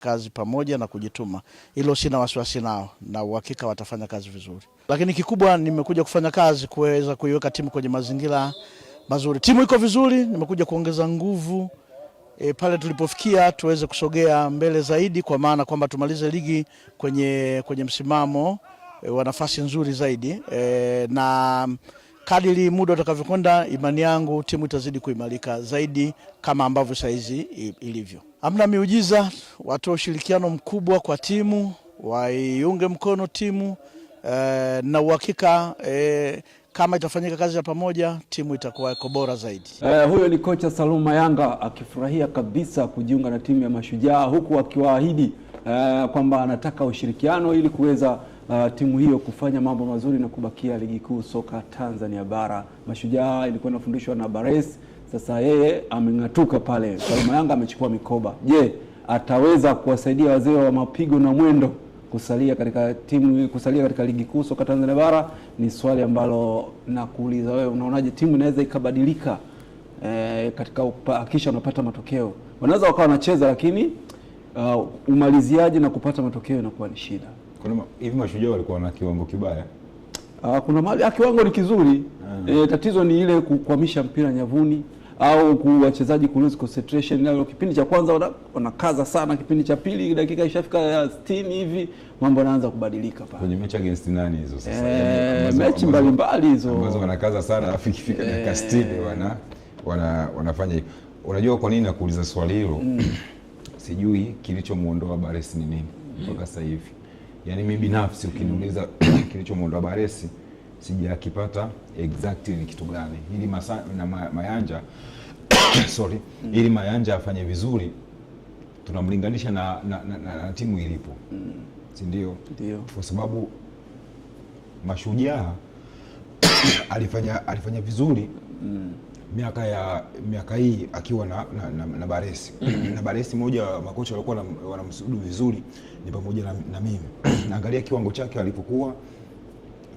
kazi pamoja na kujituma. Hilo sina wasiwasi nao, na uhakika watafanya kazi vizuri, lakini kikubwa nimekuja kufanya kazi kuweza kuiweka timu kwenye mazingira mazuri. Timu iko vizuri, nimekuja kuongeza nguvu e, pale tulipofikia tuweze kusogea mbele zaidi, kwa maana kwamba tumalize ligi kwenye, kwenye msimamo e, wa nafasi nzuri zaidi e, na kadiri muda utakavyokwenda, imani yangu timu itazidi kuimarika zaidi kama ambavyo saizi ilivyo. Hamna miujiza, watoe ushirikiano mkubwa kwa timu, waiunge mkono timu eh, na uhakika eh, kama itafanyika kazi ya pamoja timu itakuwa iko bora zaidi. Eh, huyo ni kocha Salum Mayanga akifurahia kabisa kujiunga na timu ya Mashujaa, huku akiwaahidi eh, kwamba anataka ushirikiano ili kuweza uh, timu hiyo kufanya mambo mazuri na kubakia ligi kuu soka Tanzania bara. Mashujaa ilikuwa inafundishwa na Bares, sasa yeye ameng'atuka pale Salma Yanga amechukua mikoba. Je, ataweza kuwasaidia wazee wa mapigo na mwendo kusalia katika timu kusalia katika ligi kuu soka Tanzania bara? Ni swali ambalo nakuuliza wewe, unaonaje timu inaweza ikabadilika eh, katika kisha unapata matokeo? Wanaweza wakawa wanacheza lakini uh, umaliziaji na kupata matokeo inakuwa ni shida. Kuna hivi mashujaa walikuwa na kiwango kibaya. Ah, kuna mali ya ah, kiwango ni kizuri. E, tatizo ni ile kukwamisha mpira nyavuni au ku wachezaji ku lose concentration. Nalo kipindi cha kwanza wanakaza sana, kipindi cha pili dakika ishafika ya 60 hivi mambo yanaanza kubadilika pale. Kwenye mechi against nani hizo sasa? Eh, yaani mechi mbalimbali hizo ambazo wanakaza sana, afu ikifika eh. dakika 60 wana wana wanafanya hivyo. Unajua kwa nini nakuuliza swali hilo? Mm. Sijui kilichomuondoa Bares ni nini mpaka mm. sasa hivi yani mi binafsi ukiniuliza wa Baresi sijakipata exactly ni kitu gani ili masa, na Mayanja sorry, mm. ili Mayanja afanye vizuri tunamlinganisha na, na, na, na, timu ilipo mm. Kwa sababu Mashujaa alifanya, alifanya vizuri mm miaka ya miaka hii akiwa na, na, na, na Baresi mm. na Baresi, mmoja wa makocha walikuwa wanamsudu vizuri ni pamoja na, na mimi naangalia kiwango chake alipokuwa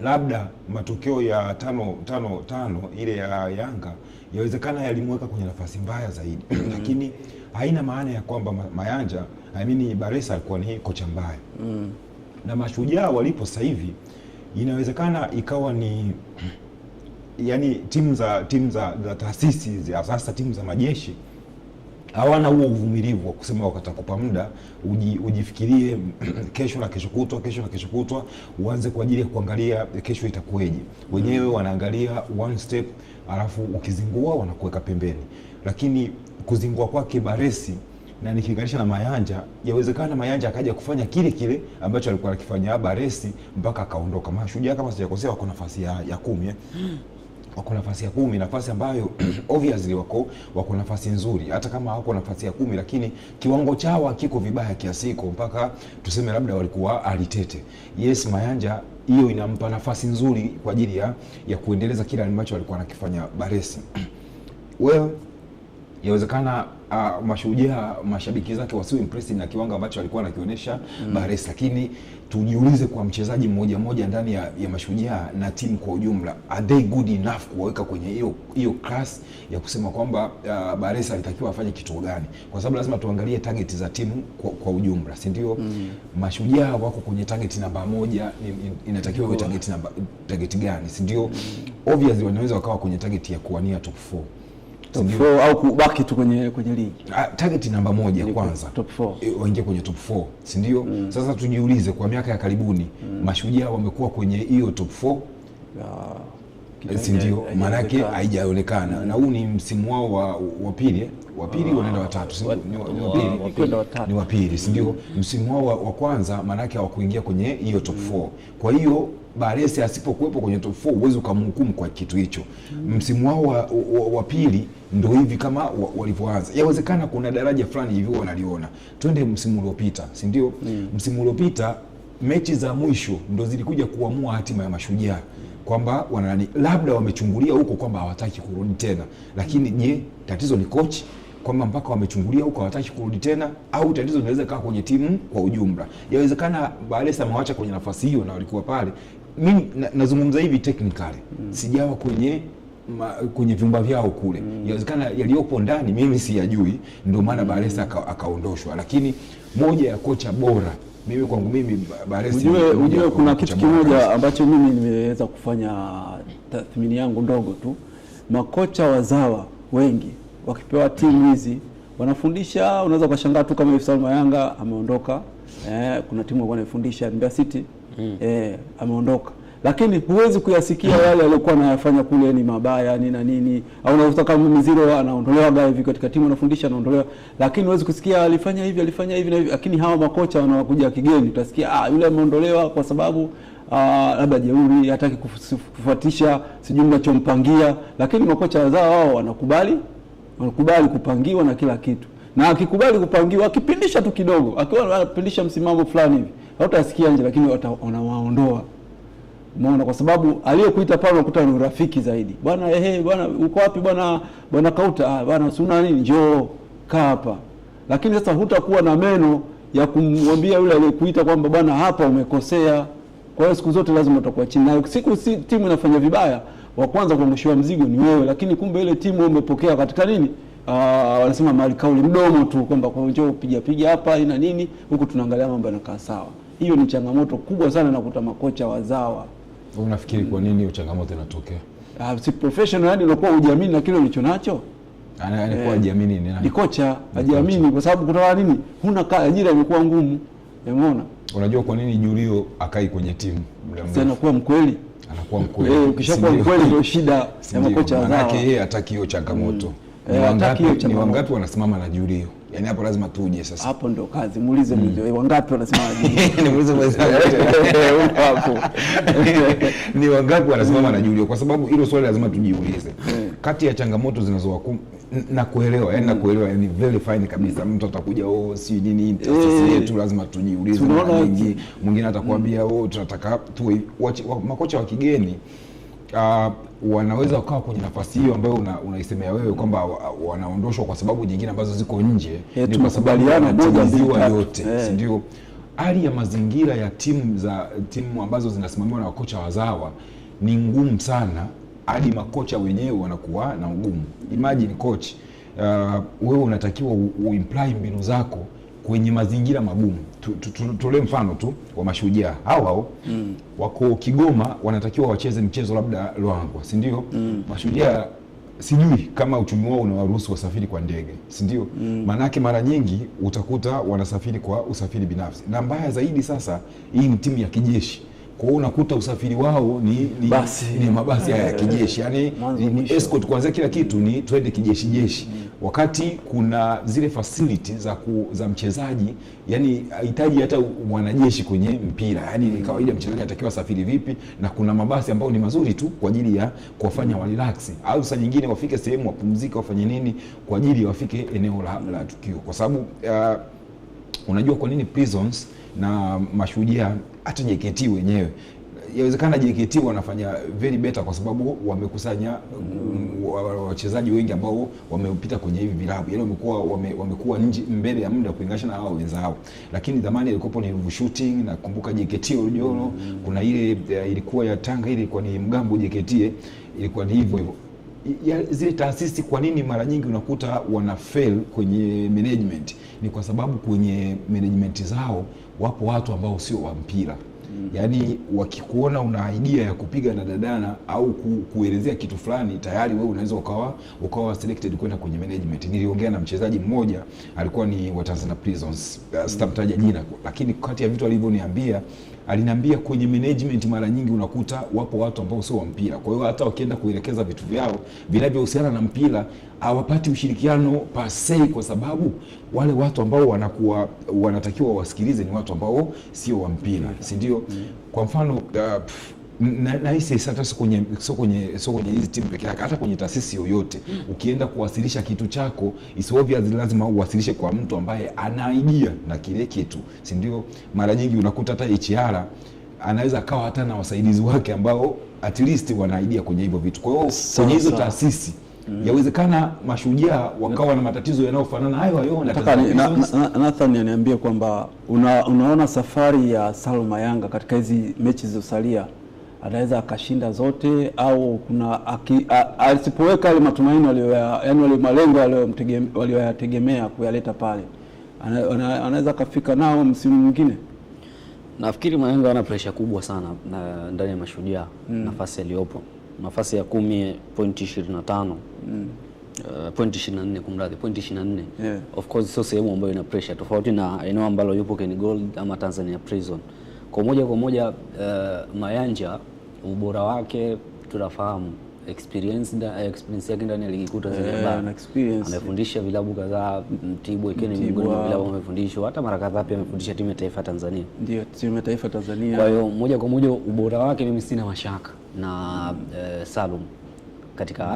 labda matokeo ya tano tano tano ile ya Yanga yawezekana yalimweka kwenye nafasi mbaya zaidi mm. lakini haina maana ya kwamba Mayanja I mean Baresa alikuwa ni kocha mbaya mm. na Mashujaa walipo sasa hivi inawezekana ikawa ni yani timu za timu za, za taasisi hasa timu za majeshi hawana huo uvumilivu wa kusema wakatakupa muda uji, ujifikirie kesho na kesho kutwa, kesho na kesho kutwa, uanze kwa ajili ya kuangalia kesho itakuweje. Wenyewe mm. wanaangalia one step, alafu ukizingua wanakuweka pembeni. Lakini kuzingua kwake Baresi na nikilinganisha na Mayanja, yawezekana Mayanja akaja kufanya kile kile ambacho alikuwa akifanya Baresi mpaka akaondoka. Mashujaa kama sijakosea, wako nafasi ya, ya kumi eh. mm wako nafasi ya kumi, nafasi ambayo obviously wako wako nafasi nzuri, hata kama wako nafasi ya kumi, lakini kiwango chao hakiko vibaya kiasi iko mpaka tuseme labda walikuwa alitete. Yes, Mayanja hiyo inampa nafasi nzuri kwa ajili ya, ya kuendeleza kile ambacho alikuwa anakifanya Baresi. Well, yawezekana uh, mashujaa mashabiki zake wasiwe impressed na kiwango ambacho alikuwa anakionyesha mm. Bares, lakini tujiulize kwa mchezaji mmoja mmoja ndani ya, ya mashujaa na timu kwa ujumla, are they good enough kuwaweka kwenye hiyo hiyo class ya kusema kwamba uh, ah, Bares alitakiwa afanye kitu gani? Kwa sababu lazima tuangalie target za timu kwa, kwa ujumla, si ndio? mm. Mashujaa wako kwenye target namba moja, inatakiwa iwe target namba target gani, si ndio? mm. Obviously wanaweza wakawa kwenye target ya kuwania top 4 Sio au kubaki tu kwenye kwenye ligi. ah, Target namba moja kwanza. Top 4. E, waingie kwenye top 4, si ndio? Mm. Sasa tujiulize kwa miaka ya karibuni mm. Mashujaa wamekuwa kwenye hiyo top 4? Ah, eh, si ndio? Maana yake haijaonekana. Mm. Na huu ni msimu wao wa wa pili, wa pili ah, wanaenda watatu, si ni wa pili, si ndio? Mm. Msimu wao wa kwanza maana yake hawakuingia kwenye hiyo top 4. Mm. Kwa hiyo Baresi asipokuwepo kwenye top 4 huwezi ukamhukumu kwa kitu hicho. Mm. Msimu wao wa pili ndo hivi kama walivyoanza. Yawezekana kuna daraja fulani hivi wanaliona. Twende msimu uliopita, si ndio? Mm. Msimu uliopita mechi za mwisho ndo zilikuja kuamua hatima ya Mashujaa kwamba wanani labda wamechungulia huko kwamba hawataki kurudi tena, lakini je, tatizo ni kochi kwamba mpaka wamechungulia huko hawataki kurudi tena, au tatizo linaweza kaa kwenye timu kwa ujumla? Yawezekana Balesa amewacha kwenye nafasi hiyo na walikuwa pale. Mimi nazungumza hivi technically, mm. sijawa kwenye ma, kwenye vyumba vyao kule mm. Inawezekana yaliyopo ndani mimi siyajui, ndio maana mm. Baresa akaondoshwa, lakini moja ya kocha bora mimi kwangu mimi Baresa, ujue, ujue kuna kitu kimoja ambacho mimi nimeweza kufanya tathmini yangu ndogo tu. Makocha wazawa wengi wakipewa timu hizi wanafundisha, unaweza ukashangaa tu kama hivi Salma Yanga ameondoka eh, kuna timu alikuwa Mbeya City mm. eh, ameondoka lakini huwezi kuyasikia yale aliyokuwa anayafanya kule ni mabaya ni na nini, au unaweza kama mziro anaondolewa hivi katika timu anafundisha anaondolewa, lakini huwezi kusikia alifanya hivi alifanya hivi na hivi. Lakini hawa makocha wanaokuja kigeni utasikia ah, yule ameondolewa kwa sababu ah, labda jeuri, hataki kufuatisha, sijui mnachompangia. Lakini makocha wazao wao wanakubali wanakubali kupangiwa na kila kitu, na akikubali kupangiwa, akipindisha tu kidogo, akiwa anapindisha msimamo fulani hivi, hautasikia nje, lakini wanawaondoa Umeona, kwa sababu aliyokuita pale unakuta ni urafiki zaidi. Bwana ehe, bwana uko wapi bwana? Bwana Kauta, ah, bwana suna nini, njoo kaa hapa. Lakini sasa hutakuwa na meno ya kumwambia yule aliyekuita kwamba bwana, hapa umekosea. Kwa hiyo siku zote lazima utakuwa chini, nayo. siku si, timu inafanya vibaya, wa kwanza kuangushiwa mzigo ni wewe, lakini kumbe ile timu umepokea katika nini Uh, wanasema mali kauli mdomo tu kwamba kwa njoo piga piga hapa ina nini, huku tunaangalia mambo yanakaa sawa. Hiyo ni changamoto kubwa sana, nakuta makocha wazawa Unafikiri kwa nini hiyo changamoto inatokea? Uh, si professional yani ulikuwa hujiamini na kile ulicho nacho. Anakuwa eh, hajiamini ni nani? Ni kocha, hajiamini kwa sababu kutoka nini? Huna ajira imekuwa ngumu. Umeona? Unajua kwa nini Julio akai kwenye timu? Sasa anakuwa mkweli. Anakuwa mkweli. Eh, ukishakuwa mkweli ndio shida ya makocha wazao. Maana yake yeye hataki hiyo changamoto. Mm. Eh, ni wangapi wanasimama na Julio? Yani hapo lazima tuje sasa. Hapo ndo kazi. Muulize mzee, hmm. wangapi wanasimama Julio? Niulize mzee. Hapo. Ni wangapi wanasimama na hmm. Julio? Kwa sababu hilo swali lazima tujiulize. Hmm. Kati ya changamoto zinazowakum na kuelewa, yani na kuelewa, yani very fine kabisa. Mtu atakuja, oh, si nini eh. interest yetu, lazima tujiulize. Mwingine atakwambia, oh, tunataka tu makocha wa kigeni uh, wanaweza wakawa kwenye nafasi hiyo ambayo unaisemea una wewe kwamba wanaondoshwa kwa sababu nyingine ambazo ziko nje, eh, ni kwa sababu yanatimiziwa yote, eh. si ndio? Hali ya mazingira ya timu za timu ambazo zinasimamiwa na wakocha wazawa ni ngumu sana, hadi makocha wenyewe wanakuwa na ugumu. Imagine coach uh, wewe unatakiwa uimply mbinu zako kwenye mazingira magumu Tutolee mfano tu wa mashujaa hao hao mm. wako Kigoma, wanatakiwa wacheze mchezo labda Luangwa, si ndio? mm. mashujaa sijui kama uchumi wao unawaruhusu wasafiri kwa ndege, si ndio? Maanake mm. mara nyingi utakuta wanasafiri kwa usafiri binafsi, na mbaya zaidi sasa, hii ni timu ya kijeshi kwa hiyo unakuta usafiri wao ni, ni, basi, ni mabasi haya ya kijeshi yani, ni escort kuanzia kila kitu ni twende kijeshi jeshi mm. Wakati kuna zile facility za, ku, za mchezaji yani hahitaji hata mwanajeshi kwenye mpira yani ni mm. kawaida mchezaji anatakiwa safiri vipi, na kuna mabasi ambayo ni mazuri tu kwa ajili ya kuwafanya mm. warelaksi au saa nyingine wafike sehemu wapumzike wafanye nini kwa ajili wafike eneo la, la tukio kwa sababu uh, unajua kwa nini prisons na mashujaa hata JKT wenyewe yawezekana JKT wanafanya very better kwa sababu wamekusanya mm, wachezaji wengi ambao wamepita kwenye hivi vilabu, yani wamekuwa wamekuwa nje mbele ya muda kulinganisha na hao wenzao, lakini dhamani ilikopo ni Ruvu Shooting. Nakumbuka JKT Oljoro, mm. kuna ile eh, ilikuwa ya Tanga, ile ilikuwa ni mgambo JKT, eh. ilikuwa ni hivyo hivyo ya zile taasisi, kwa nini mara nyingi unakuta wana fail kwenye management? Ni kwa sababu kwenye management zao wapo watu ambao sio wa mpira mm. Yaani wakikuona una idea ya kupiga na dadana au kuelezea kitu fulani, tayari wewe unaweza ukawa ukawa selected kwenda kwenye management. Niliongea na mchezaji mmoja alikuwa ni wa Tanzania Prisons, uh, sitamtaja mm. jina, lakini kati ya vitu alivyoniambia aliniambia kwenye management mara nyingi unakuta wapo watu ambao sio wa mpira, kwa hiyo hata wakienda kuelekeza vitu vyao vinavyohusiana na mpira hawapati ushirikiano pasei, kwa sababu wale watu ambao wanakuwa wanatakiwa wasikilize ni watu ambao sio wa mpira, si ndio? Mm. Kwa mfano uh, nahisi hata sio kwenye sio kwenye sio kwenye hizi timu pekee yake, hata kwenye taasisi yoyote ukienda kuwasilisha kitu chako, is obvious lazima uwasilishe kwa mtu ambaye ana idea na kile kitu, si ndio? Mara nyingi unakuta hata HR anaweza akawa hata na wasaidizi wake ambao at least wana idea kwenye hivyo vitu. Kwa hiyo kwenye hizo taasisi Mm. Yawezekana mashujaa wakawa na matatizo yanayofanana hayo hayo. Nataka Nathan aniambie kwamba una, unaona safari ya Salma Yanga katika hizi mechi zilizosalia anaweza akashinda zote au kuna asipoweka yale matumaini yani wale malengo walioyategemea kuyaleta pale, anaweza akafika nao msimu mwingine. Nafikiri Malengo ana presha kubwa sana na ndani ya Mashujaa mm. nafasi yaliyopo nafasi ya kumi pointi ishirini na tano mm. Uh, eh, 24 kumradhi, pointi 24 yeah. Of course sio sehemu ambayo ina pressure tofauti na eneo ambalo yupo Ken Gold ama Tanzania Prison. Kwa moja kwa moja uh, Mayanja ubora wake tunafahamu experience, da, experience yake ndani ya ligi kuu Tanzania eh, amefundisha vilabu kadhaa, Mtibwa ikiwa ni miongoni mwa vilabu amefundishwa, hata mara kadhaa pia amefundisha timu ya taifa Tanzania, ndio timu ya taifa Tanzania. Kwa hiyo moja kwa moja ubora wake mimi sina mashaka na uh, Salum katika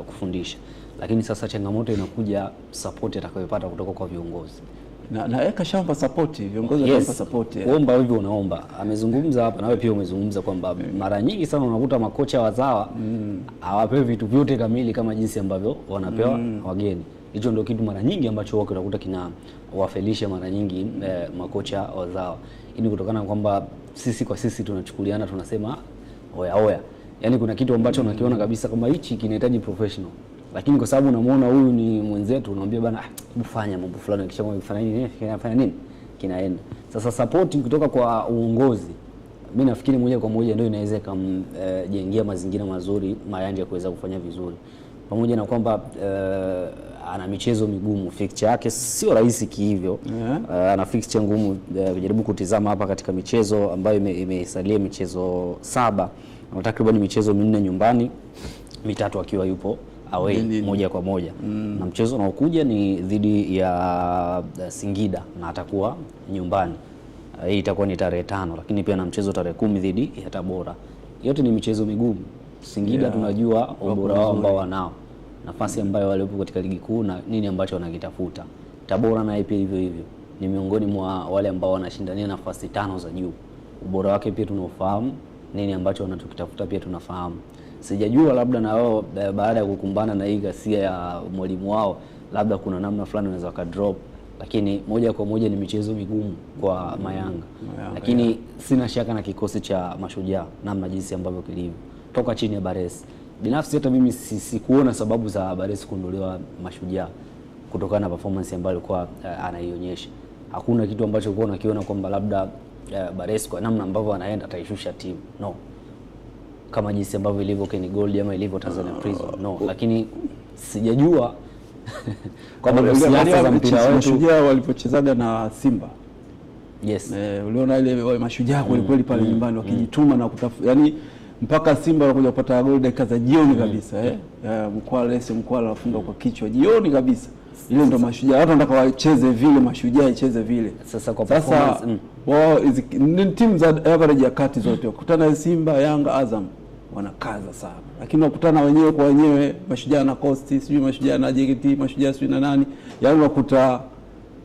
uh, kufundisha, lakini sasa changamoto inakuja support atakayopata kutoka kwa viongozi na naweka shamba support viongozi yes. Shamba sapoti omba hivi unaomba, amezungumza hapa wewe pia umezungumza kwamba mm. mara nyingi sana unakuta makocha wazawa mm. hawapewi mm. vitu vyote kamili kama jinsi ambavyo wanapewa mm. wageni. Hicho ndio kitu mara nyingi ambacho wako unakuta kina wafelisha mara nyingi eh, makocha wazawa. Hii ni kutokana kwamba sisi kwa sisi tunachukuliana tunasema oya oya, yaani kuna kitu ambacho mm. unakiona kabisa kama hichi kinahitaji professional lakini kwa sababu unamuona huyu ni mwenzetu, unamwambia bana, ah, hebu fanya mambo fulani, kisha fanya nini, eh, kinafanya nini, kinaenda. Sasa support kutoka kwa uongozi, mimi nafikiri moja kwa moja ndio inaweza ikamjengea eh, uh, mazingira mazuri Mayanja kuweza kufanya vizuri, pamoja na kwamba uh, ana michezo migumu, fixture yake sio rahisi kihivyo yeah. Uh, ana fixture ngumu uh, kujaribu kutizama hapa katika michezo ambayo imesalia ime michezo saba, takriban michezo minne nyumbani, mitatu akiwa yupo away moja kwa moja mm. na mchezo unaokuja ni dhidi ya eh, Singida na atakuwa nyumbani. Eh, hii itakuwa ni tarehe tano, lakini pia na mchezo tarehe kumi dhidi ya Tabora. Yote ni michezo migumu. Singida yeah. tunajua ubora wao ambao wanao, nafasi ambayo waliopo katika ligi kuu na nini ambacho wanakitafuta. Tabora naye pia hivyo hivyo, ni miongoni mwa wale ambao wanashindania nafasi tano za juu. Ubora wake pia tunaofahamu, nini ambacho wanachokitafuta pia tunafahamu sijajua labda na wao eh, baada ya kukumbana na hii ghasia ya mwalimu wao, labda kuna namna fulani wanaweza wakadrop, lakini moja kwa moja ni michezo migumu kwa Mayanga, Mayanga, lakini yeah. sina shaka na kikosi cha Mashujaa namna jinsi ambavyo kilivyo toka chini ya Bares. Binafsi hata mimi sikuona sababu za Bares kuondolewa Mashujaa kutokana na performance ambayo alikuwa uh, anaionyesha. Hakuna kitu ambacho ulikuwa unakiona kwamba labda uh, Bares kwa namna ambavyo anaenda ataishusha timu no kama jinsi ambavyo ilivyo Ken Gold ama ilivyo Tanzania Prison no, lakini sijajua kwamba yaani siasa za mpira wetu mashujaa walipochezaga na Simba yes. E, uliona ile wale mashujaa kweli kweli pale mm, mm, nyumbani mm, wakijituma mm, na kutafuta yani mpaka Simba wanakuja kupata goli dakika za jioni mm, kabisa eh yeah. Eh, Mkwala Ese Mkwala afunga mm, kwa kichwa jioni kabisa ile ndo mashujaa, watu wanataka wacheze vile, mashujaa icheze vile. Sasa kwa performance. sasa wao ni wow, timu za average ya kati zote na Simba, Yanga, Azam wanakaza sana, lakini wakutana wenyewe kwa wenyewe, mashujaa na kosti sijui mashujaa na JKT, mashujaa sijui na nani, yani unakuta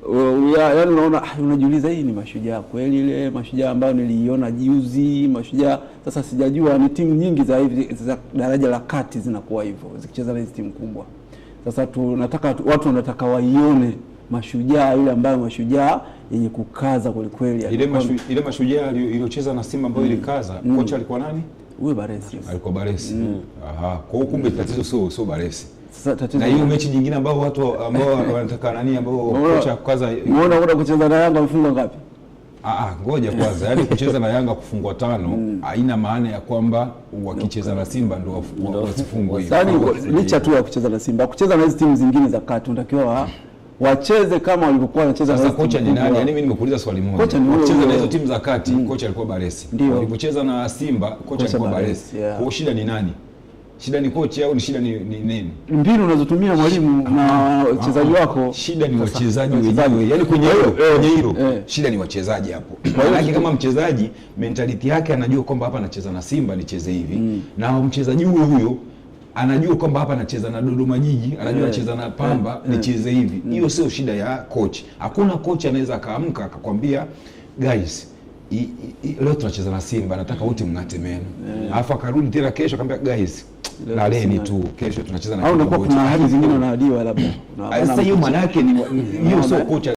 uh, yani unaona ah, unajiuliza, hii ni mashujaa kweli? Ile mashujaa ambayo niliiona juzi, mashujaa sasa sijajua ni timu nyingi za hivi za daraja la kati zinakuwa hivyo zikicheza na hizi timu kubwa. Sasa tunataka watu wanataka waione mashujaa ile ambayo mashujaa yenye kukaza kweli kweli, ile mashujaa iliyocheza na Simba ambayo mm. ilikaza, mm. kocha alikuwa nani? huyo Baresi alikuwa ah, Baresi mm. Aha, kwa hiyo kumbe tatizo sio sio Baresi. Sasa tatizo na hiyo mechi nyingine ambao watu ambao wanataka nani ambao kocha kwanza, unaona una kucheza na Yanga mfungwa ngapi? Ah, ah, ngoja kwanza, yaani kucheza na Yanga kufungwa tano mm. maana ya kwamba wakicheza na Simba ndio wasifungwe. Yaani licha tu ya kucheza na Simba, kucheza na hizo timu zingine za kati unatakiwa wacheze kama walivyokuwa wanacheza. Sasa kocha ni nani? Yaani mimi nimekuuliza swali moja. Kocha ni wacheza na hizo timu za kati, mm. kocha alikuwa Baresi. Walipocheza na Simba, kocha alikuwa Baresi. Yeah. Kwa shida ni nani? Shida ni kocha au ni shida ni nini? Mbinu unazotumia mwalimu na ah, ah, wachezaji ah. wako. Shida ni wachezaji wenyewe. Yaani kwenye hilo, eh, eh, kwenye hilo. Eh. Shida ni wachezaji hapo. Kwa hiyo kama mchezaji mentality yake anajua kwamba hapa anacheza na Simba nicheze hivi. Mm. Na mchezaji huyo huyo anajua kwamba hapa anacheza na Dodoma Jiji, anajua eh. anacheza na Pamba yeah. Eh. nicheze hivi mm. hiyo sio shida ya kochi. Hakuna kochi anaweza akaamka akakwambia guys I, I, I, leo tunacheza na Simba, nataka wote mng'ate meno, eh. alafu akarudi tena kesho akamwambia guys, laleni tu, kesho tunacheza na. Au unakuwa kuna hali zingine unawadiwa labda. Sasa hiyo maana yake ni hiyo sio kocha.